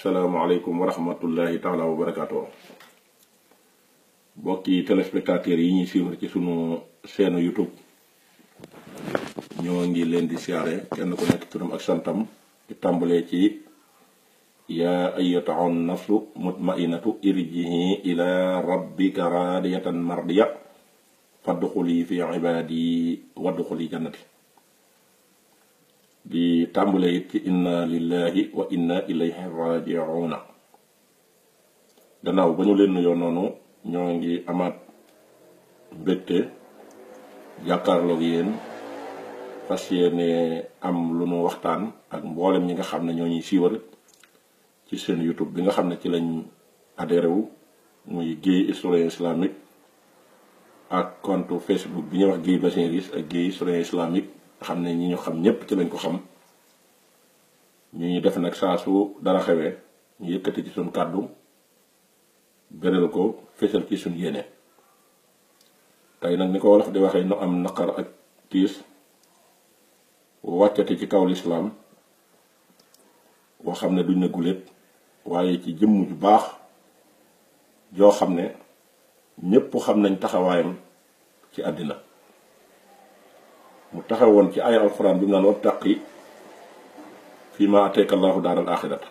asalaamualeykum wa rahmatullahi taala wa barakaatu mbokki téléspectateurs yi ñuy suivre ci sunu chaîne YouTube ñoo ngi leen di siyaare kenn ku nekk turam ak santam di tàmbalee ci yaa ayyatuha nafsu mutmainatu irjihi ila rabbika raadiyatan mardiya fadxuli fi ibaadi wadxuli jannati bi tàmbale it ci inna lillahi wa inna ilayhi raji'una gannaaw ba ñu leen nuyoo noonu ñoo ngi amaat mbégte jàkkaarloog yéen fas yéene am lu nu waxtaan ak mboolem ñi nga xam ne ñoo ñuy siiwal ci seen YouTube bi nga xam ne ci lañ adhéré wu muy Guèye historien islamique ak compte Facebook bi ñu wax Guèye Bassin ak Guèye historien islamique xam ne ñi ñu xam ñépp ci lañ ko xam ñu ñu def nag saa su dara xewee ñu yëkkati ci suñ kàddu beral ko fésal ci suñ yéene tey nag ni ko wolof di waxee nu am naqar ak tiis wàccati ci kaw lislaam boo xam ne duñ ne guléet waaye ci jëmm ju baax joo xam ne ñépp xam nañ taxawaayam ci àddina mu taxawoon ci ay alxuraan bi mu naan wattaqi fii ma ateeka allahu daaral axirata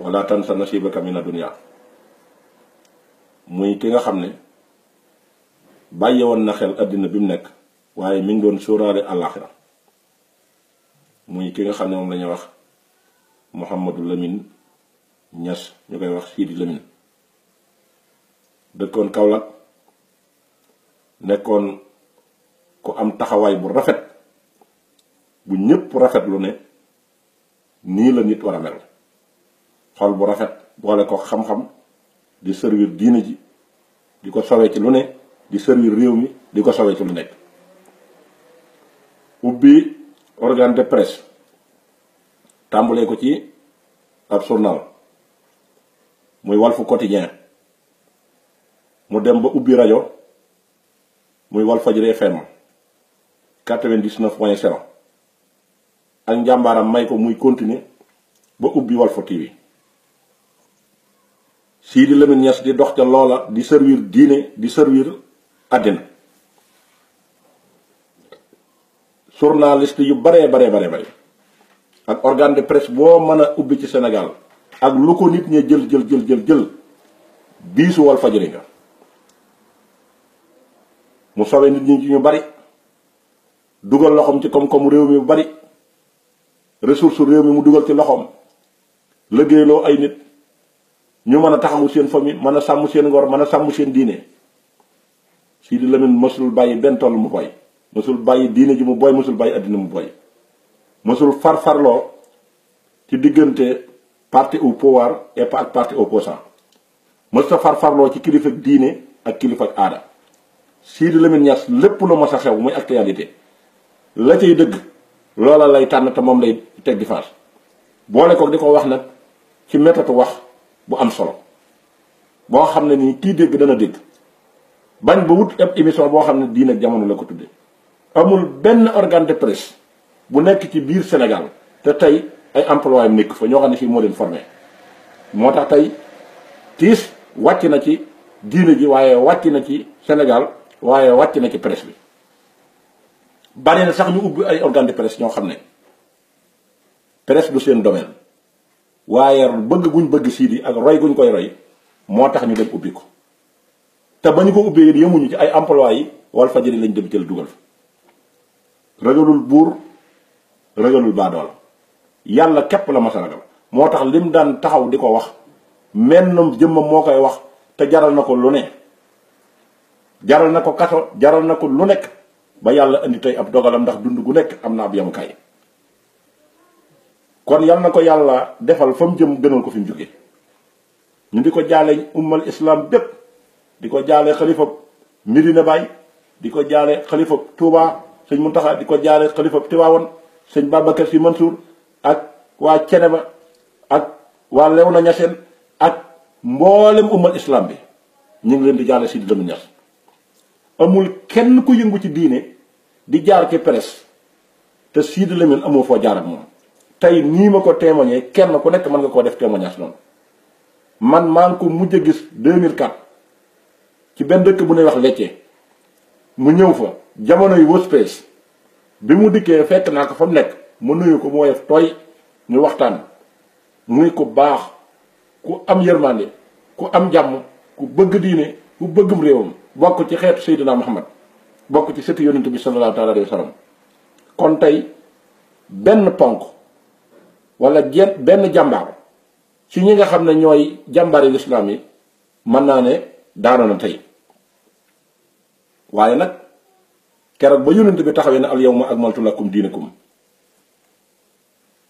wala tansa nasibaka mina dunya muy ki nga xam ne bàyyi woon na xel àddina bi mu nekk waaye mi ngi doon sóoraale alaaxira muy ki nga xam ne moom la wax Mouhamadou Lamine Niass ñu koy wax Sidi Lamine dëkkoon Kaolack nekkoon ku am taxawaay bu rafet bu rafet lu ne nii la nit war a mel xol bu rafet boole ko xam-xam di servir diine ji di ko sowee ci lu ne di servir réew mi di ko sowee ci lu nekk ubbi organe de presse tàmbalee ko ci ab journal muy Walfu Quotidien mu dem ba ubbi rajo muy Walfadjri ma 99 point 0 ak njàmbaaram may ko muy continuer ba ubbi Walf TV Sidi Lamine Niass di dox ca loola di servir diine di servir àddina journaliste yu baree baree baree bare ak organe de presse boo mën a ubbi ci senegal ak lu ko nit ñi jël jël jël jël jël biisu Walfadjri nga mu sowe nit ñi ci ñu bari dugal loxoom ci koom-koomu réew mi bu bari ressource réew mi mu dugal ci loxoom liggéeyloo ay nit ñu mën a taxawu seen famille mën a sàmm seen ngor mën a sàmm seen diine sii Sidi Lamine mësul bàyyi benn toll mu boy mësul bàyyi diine ji mu boy mësul bàyyi addina mu boy mësul farfarloo ci diggante parti au pouvoir et ak parti opposant mës ta farfarloo ci kilifa diine ak kilifa aada Sidi Lamine ñas lépp lu mas a xew muy actualité la cay dëgg loola lay tànn te moom lay teggi faar boole ko di ko wax nag ci méthode wax bu am solo boo xam ne nii kii dégg dana dégg bañ ba wut ab émission boo xam ne diine ak jamono la ko tudde amul benn organe de presse bu nekk ci biir Sénégal te tey ay employé am nekk fa ñoo xam ne fii moo leen formé moo tax tey tiis wàcc na ci diine ji waaye wàcc na ci Sénégal waaye wàcc na ci presse bi bari na sax ñu ubbi ay organe de presse ñoo xam ne presse du seen domaine waaye bëgg guñ bëgg Sidy ak roy guñ koy roy moo tax ñu dem ubbi ko te ba ñu ko ubbee yéen yemuñu ci ay emploi yi Walfadjri lañ dem jël dugal fa ragalul buur ragalul baadoola yàlla képp la mas a ragal moo tax lim daan taxaw di ko wax menn jëmmam moo koy wax te jaral na ko lu ne jaral na ko kaso jaral na ko lu nekk ba yàlla indi tey ab dogalam ndax dund gu nekk am na ab yamukaay kon yal na ko yàlla defal fam mu jëm gënal ko fi mu jóge ñu di ko jaale ummal islam bépp di ko jaale xalifab Medina Baye di ko jaale xalifab Touba sëñ Muntaxa di ko jaale xalifab Tiwaawan sëñ Babacar Si Mansour ak waa ba ak waa Léona Niassène ak mboolem ummal islam bi ñu ngi leen di jaale si di dëmu ñas amul kenn ku yëngu ci diine di jaar ci presse te Sidy Lamine amoo foo jaar ak moom tey nii ma ko témoigné kenn ku nekk mën nga koo def témoignage noonu man maa ngi ko mujj a gis 2004 ci benn dëkk bu ñuy wax Lecce mu ñëw fa jamono yu Wospace bi mu dikkee fekk naa ko fa mu nekk mu nuyu ko mu woyof tooy ñu waxtaan muy ku baax ku am yërmande ku am jàmm ku bëgg diine ku bëggum réewam bokk ci xeetu Seydina Muhammad bokk ci sëtu yonent bi sallallahu taala alayhi wa sallam kon tey benn ponk wala jet benn jàmbaar si ñi nga xam ne ñooy jàmbaari lislaam yi mën naa ne daana na tey waaye nag keroog ba yonent bi taxawee na al yawma akmaltu lakum diinakum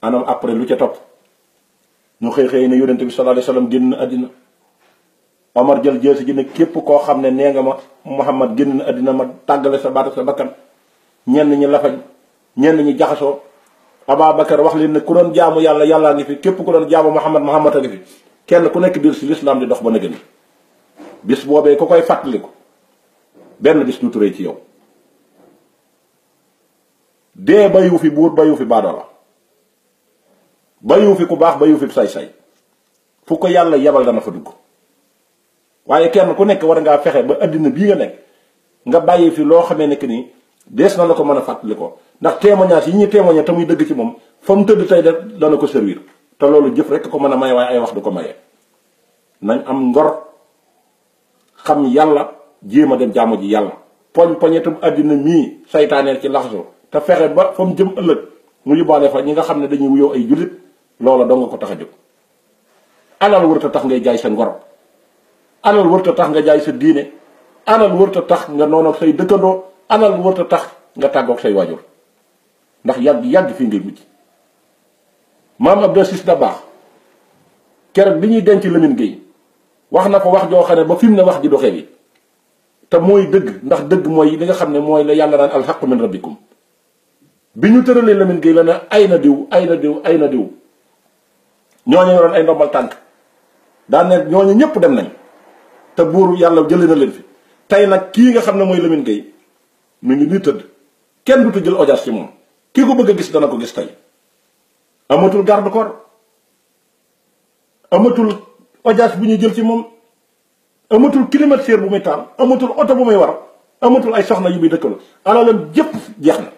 anam après lu ca topp ñu xëy xëy ne yonent bi sallallahu alayhi wa génn àddina Omar jël jeesi ji ne képp koo xam ne nee nga ma Muhammad génn na àddina ma tàggale sa baat ak sa bakkan ñenn ñi lafañ ñenn ñi jaxasoo Ababakar wax leen ne ku doon jaamu yàlla yàllaa ngi fi képp ku doon jaamu Muhammad Muhammad a ngi fi kenn ku nekk biir si lislaam di dox ba nëgëni bis boobee ku koy fàttaliku benn bis du turee ci yow dee bayu fi buur bayu fi baadoola bayu fi ku baax bayu fi say-say fu ko yàlla yebal dana fa dugg waaye kenn ku nekk war ngaa fexe ba àddina bii nga nekk nga bàyyi fi loo xamee ne que ni dees na la ko mën a fàttali ko ndax témoignage yi ñuy témoigné te muy dëgg ci moom fa mu tëdd tey def dana ko servir te loolu jëf rek ko mën a maye waaye ay wax du ko maye. nañ am ngor xam yàlla jéem a dem jàmm ji yàlla poñ poñetum addina mii saytaaneel ci laxasu te fexe ba fa mu jëm ëllëg mu yóbbaale fa ñi nga xam ne dañuy wuyoo ay jullit loola doo nga ko tax a jóg alal wër tax ngay jaay sa ngor. alal wërta tax nga jaay sa diine alal wërta tax nga noonu ak say dëkkandoo alal wërta tax nga tàggoog say waajur ndax yàgg yàgg fii ngay mujj maam Abdou Aziz baax keroog bi ñuy denc Lamine Gueye wax na ko wax joo xam ne ba fi mu ne wax ji doxee bi te mooy dëgg ndax dëgg mooy li nga xam ne mooy la yàlla naan alxaqu min rabbikum bi ñu tëralee Lamine Gueye la ne ay na diw ay na diw ay na diw ñooñu yoroon ay ndombal tànk daan ne ñooñu ñëpp dem nañ te buur yàlla jëlee na leen fi tey nag kii nga xam ne mooy Lamine Gueye mu ngi nii tëdd kenn du dutu jël audience ci moom ki ko bëgg a gis dana ko gis tey amatul garde corps amatul audience bu ñuy jël ci moom amatul climatiseur bu muy taal amatul oto bu muy war amatul ay soxna yu muy dëkkaloo alalam jëpp jeex na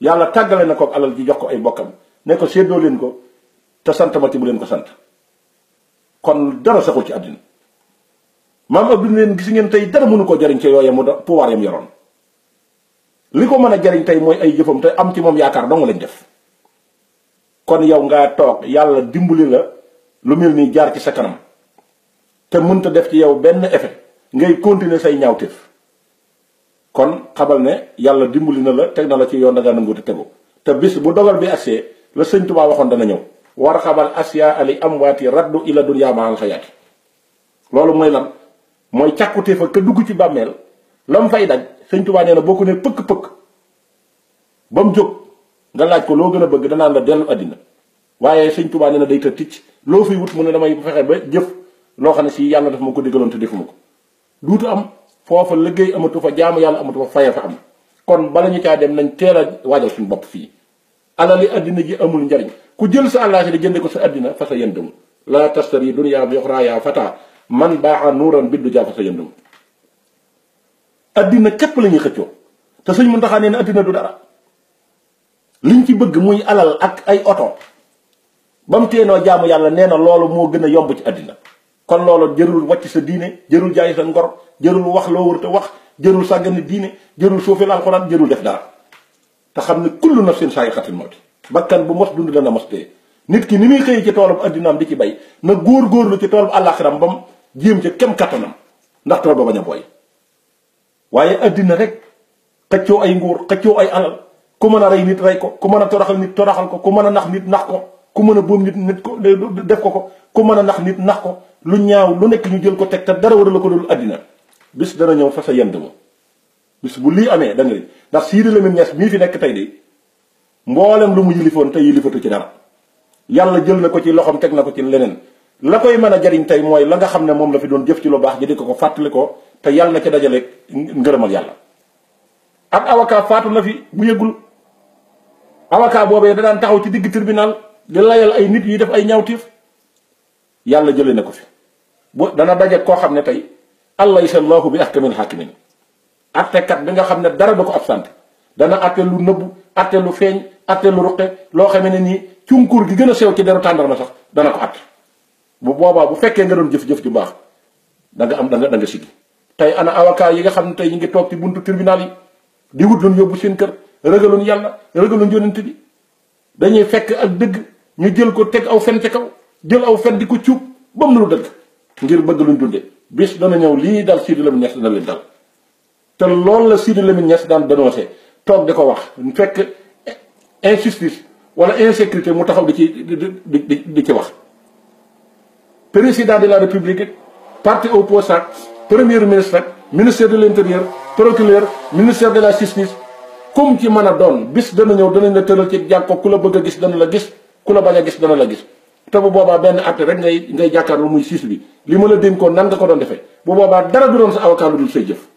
yàlla tàggale na ko alal ji jox ko ay bokkam ne ko séddoo leen ko te sant ma ci bu leen ko sant kon dara saxul ci àddina maam Abdou ne leen gis ngeen tey dara mënu koo jariñ ci yooye mu do pouvoir yam yoroon li ko mën a jariñ tey mooy ay jëfam te am ci moom yaakaar dong lañ def kon yow ngaa toog yàlla dimbali la lu mel ni jaar ci sa kanam te mënta def ci yow benn effet ngay continuer say ñaawteef kon xamal ne yàlla dimbali na la teg na la ci yoon da nga nangu te tegu te bis bu dogal bi agsee la sëñ Tuubaa waxoon dana ñëw war xabal asiya ali amwaati raddu ila dunya maal xayaati loolu mooy càkkutee fa ka dugg ci bàmmeel la mu fay daj sëñ Tuubaa nee na bokk ko ne pëkk-pëkk ba mu jóg nga laaj ko loo gën a bëgg danaan la dellu àddina waaye sëñ Tuubaa nee na day tëdd ticc loo fi wut mu ne damay fexe ba jëf loo xam ne si yàlla daf ma ko digaloon te defuma ko duutu am foofa liggéey amatu fa jaamu yàlla amatu fa faye fa am kon bala ñu caa dem nañ teel a waajal suñu bopp fii alali addina ji amul njariñ ku jël sa àllaaxira jënde ko sa addina fa sa yendam la tastari dunya bi uxraa yaa fata man baaxa nuuran biddu jaafa sa yëndum addina képp la ñuy xëccoo te sëñ mu nee na addina du dara liñ ci bëgg muy alal ak ay oto ba mu teenoo jaamu yàlla nee na loolu moo gën a yomb ci addina kon loolu jërul wàcc sa diine jërul jaay sa ngor jërul wax loo wër te wax jërul sàggane diine jërul suufeel alxuraan jërul def dara te xam ne kullu nafsin saa yi xatil mawti bakkan bu mos dund dana mos dee nit ki ni muy xëyee ci toolub addinaam di ci bay na góor góorlu ci toolub àllaaxiram ba jéem ca kem kattanam ndax tool ba bañ a booy waaye addina rek xëccoo ay nguur xëccoo ay alal ku mën a rey nit rey ko ku mën a toraxal nit toraxal ko ku mën a nax nit nax ko ku mën a boom nit nit ko def ko ko ku mën a nax nit nax ko lu ñaaw lu nekk ñu jël ko teg te dara war la ko dul àddina bis dana ñëw fa sa yend ma bis bu lii amee da nga ndax Sidy Lamine Niass mii fi nekk tey de mboolem lu mu yilifoon te yilifatu ci dara yàlla jël na ko ci loxoom teg na ko ci leneen la koy mën a jariñ tey mooy la nga xam ne moom la fi doon jëf ci lu baax ji di ko ko fàttali ko te yàlla na ca dajale ngërëmal yàlla ab avocat faatu na fi bu yëgul avocat boobee da daan taxaw ci digg tribunal di layal ay nit yuy def ay ñaawtiif yàlla jëlee na ko fi bu dana daje koo xam ne tey alaysa allahu bi ahkamil hakimin attekat bi nga xam ne dara da ko absenté dana atte lu nëbbu atte lu feeñ atte lu ruqe loo xamee ne nii cunkur gi gën a sew ci deru tàndar na sax dana ko bu boobaa bu fekkee nga doon jëf-jëf ju baax da nga am da nga da nga siggi tey ana avocat yi nga xam ne tey ñu ngi toog ci buntu tribunal yi di wut luñ yóbbu seen kër rëgaluñ yàlla rëgaluñ yonent bi dañuy fekk ak dëgg ñu jël ko teg aw fen ca kaw jël aw fen di ko cuub ba mu lu dëgg ngir bëgg luñ dunde bis dana ñëw lii dal Sidi Lamine Niass dana leen dal te loolu la Sidi Lamine Niass daan dénoncé toog di ko wax fekk injustice wala insécurité mu taxaw di ci di di di ci wax président de la république parti au poste ak ministre ak ministère de l' intérieur procureur ministère de la justice comme ci mën a doon bis dana ñëw danañ la tëral ci jàkko ku la bëgg a gis dana la gis ku la bañ a gis dana la gis te bu boobaa benn at rek ngay ngay jàkkaar lu muy siis bi li ma la dénkoon nan nga ko doon defee bu boobaa dara du doon sa avocat lu dul say jëf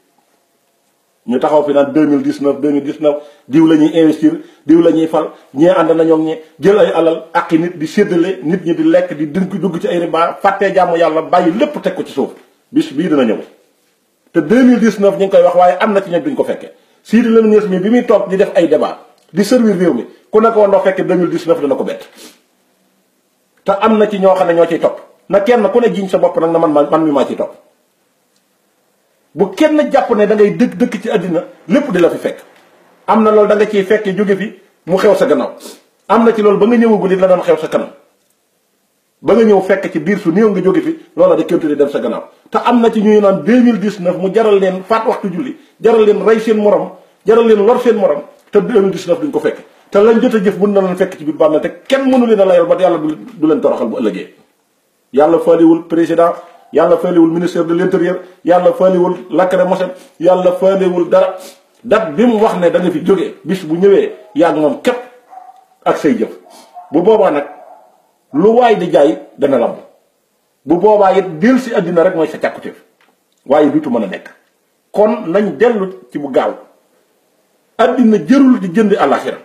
ñu taxaw fi naan 2019 2019 diw la ñuy investir diw la ñuy fal ñee ànd nañoo ñoom ñi jël ay alal ak nit di séddale nit ñi di lekk di dugg dugg ci ay riba fàttee jàmm yàlla bàyyi lépp teg ko ci suuf bis bii dina ñëw te 2019 ñu ngi koy wax waaye am na ci ñoom duñ ko fekkee Sidy Lamine Niass mi bi muy toog di def ay débat di servir réew mi ku ne ko woon doo fekkee 2019 dana ko bett te am na ci ñoo xam ne ñoo ciy topp na kenn ku ne sa bopp nag na man man mi maa ciy topp bu kenn jàpp ne da ngay dëkk dëkk ci àddina lépp di la fi fekk am na loolu da nga ciy fekk jóge fi mu xew sa gannaaw am na ci loolu ba nga ñëwagul it la daan xew sa kanam ba nga ñëw fekk ci biir su néew nga jóge fi loola da kémtu di dem sa gannaaw te na ci ñuy naan 2019 mu jaral leen faat waxtu julli jaral leen rey seen morom jaral leen lor seen morom te 2019 duñ fekk te lañ jot jëf mën na fekk ci biir bàmmeel te kenn mënu leen a layal ba yàlla du leen toroxal bu ëllëgee yàlla faaliwul président yàlla faaliwul ministère de l' intérieur yàlla faaliwul lacrymogène yàlla faaliwul dara dat bi mu wax ne da fi jóge bis bu ñëwee yàgg moom képp ak say jëf bu boobaa nag lu waaye di jaay dana lamb bu boobaa it dil si àddina rek mooy sa càkkutéef waaye duutu mën a nekk kon nañ dellu ci bu gaaw àddina jërul di jënd àllaaxira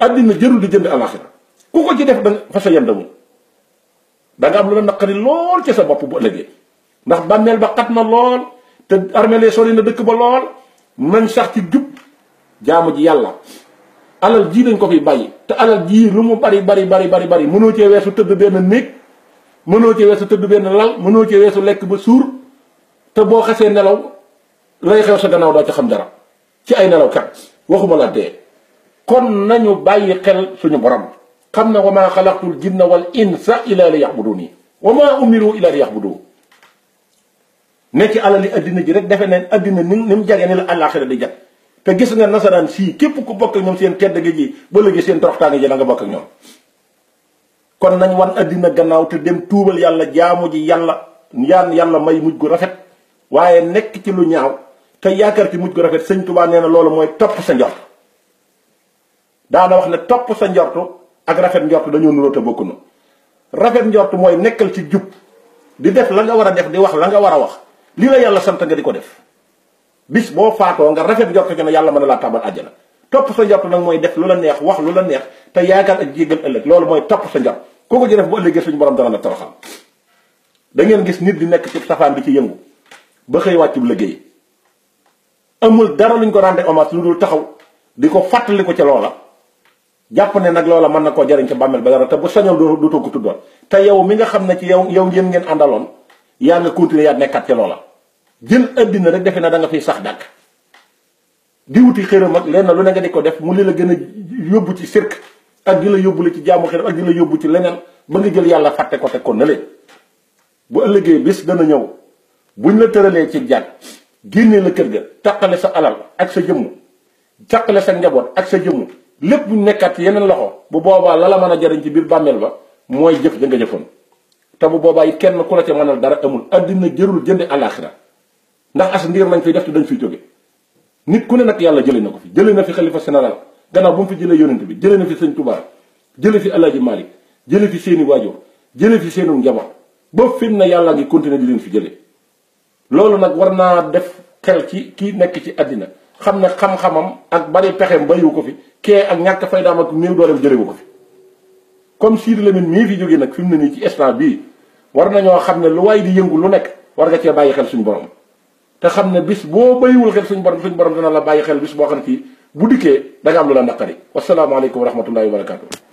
na jërul di jënd àllaaxira ku ko ci def da nga fa sa yem da nga am lu la naqari lool ci sa bopp bu ëllëgee ndax bàmmeel ba xat na lool te armele sori na dëkk ba lool nañ sax ci jub jaamu ji yàlla alal jii dañ ko fi bàyyi te alal jii lu mu bari bari bari bari bari mënoo cee weesu tëdd benn néeg mënoo cee weesu tëdd benn lal mënoo cee weesu lekk ba suur te boo xasee nelaw lay xew sa gannaaw doo ci xam dara ci ay nelaw kat waxuma la dee kon nañu bàyyi xel suñu borom xam na wa maa xalaqtul jinna yax insa du li yaxbuduni wa maa umiru illa li yaxbudu ne ci alali addina ji rek defe ne addina ni ni mu jagee ni la àllaaxira di jag te gis nga nasaraan sii képp ku bokk ak ñoom seen tedd gi ji ba léegi seen toroxtaange ji la nga bokk ak ñoom kon nañ wan addina gannaaw te dem tuubal yàlla jaamu ji yàlla yaan yàlla may mujj gu rafet waaye nekk ci lu ñaaw te yaakaar ci mujj gu rafet sëñ Tuubaa nee na loolu mooy topp sa njort daana wax ne topp sa njortu ak rafet njort dañoo nuroo te bokkuñu rafet njort mooy nekkal ci jub di def la nga war a def di wax la nga war a wax lii la yàlla sant nga di ko def bis boo faatoo nga rafet njort ci ne yàlla mën na laa tàbbal àjjana topp sa njort nag mooy def lu la neex wax lu la neex te yaakaar ak jéggal ëllëg loolu mooy topp sa njort kooku ji def bu ëllëgee suñu borom dana la toroxal da ngeen gis nit di nekk ci safaan bi ci yëngu ba xëy wàccub liggéey amul dara luñ ko rendre hommage lu dul taxaw di ko fàttali ko ci loola jàpp ne nag loola mën na koo jëriñ ci bàmmeel ba dara te bu sañoon du du tugg tuddoon te yow mi nga xam ne ci yow yow ngeen ngeen àndaloon yaa nga continuer yaa nekkat ci loola jël addina rek defe na da nga fiy sax dàq di wuti xërëm ak lenn lu ne nga di ko def mu li la gën a yóbbu ci sirk ak di la yóbbu la ci jaamu xërëm ak di la yóbbu ci leneen ba nga jël yàlla fàtte ko teg ko ne leen bu ëllëgee bis gën a ñëw buñ la tëralee ci jàkk génnee la kër ga taqale sa alal ak sa jëmm taqale sa njaboot ak sa jëmm lépp bu nekkat yeneen loxo bu boobaa la la mën a jariñ ci biir bàmmeel ba mooy jëf ja nga jëfoon te bu boobaa it kenn ku la ca mënal dara amul àddina jërul jënd alaxira ndax as ndiir nañ fiy def te dañ fi jóge nit ku ne nag yàlla jëlee na ko fi jëlee na fi xalifa général gannaaw bu mu fi jëlee yonent bi jëlee na fi sëñ Tuubaa jëlee fi Alaaji Maalik jëlee fi seeni waajur jëlee fi seenu njaboot ba fi mu ne yàlla ngi continuer di leen fi jëlee loolu nag war naa def xel ci kii nekk ci addina xam ne xam-xamam ak bari pexem bayiwu ko fi kee ak ñàkk faydaam ak néew dooleem jëlewu ko fi comme Sidy Lamine mii fi jógee nag fi mu ne nii ci instant bi war nañoo xam ne lu waaye di yëngu lu nekk war nga cee bàyyi xel suñu borom te xam ne bis boo bayiwul xel suñu borom suñu borom dina la bàyyi xel bis boo xam ne fii bu dikkee da am lu la naqari wasalaamaaleykum wa rahmatullahi wa barakatu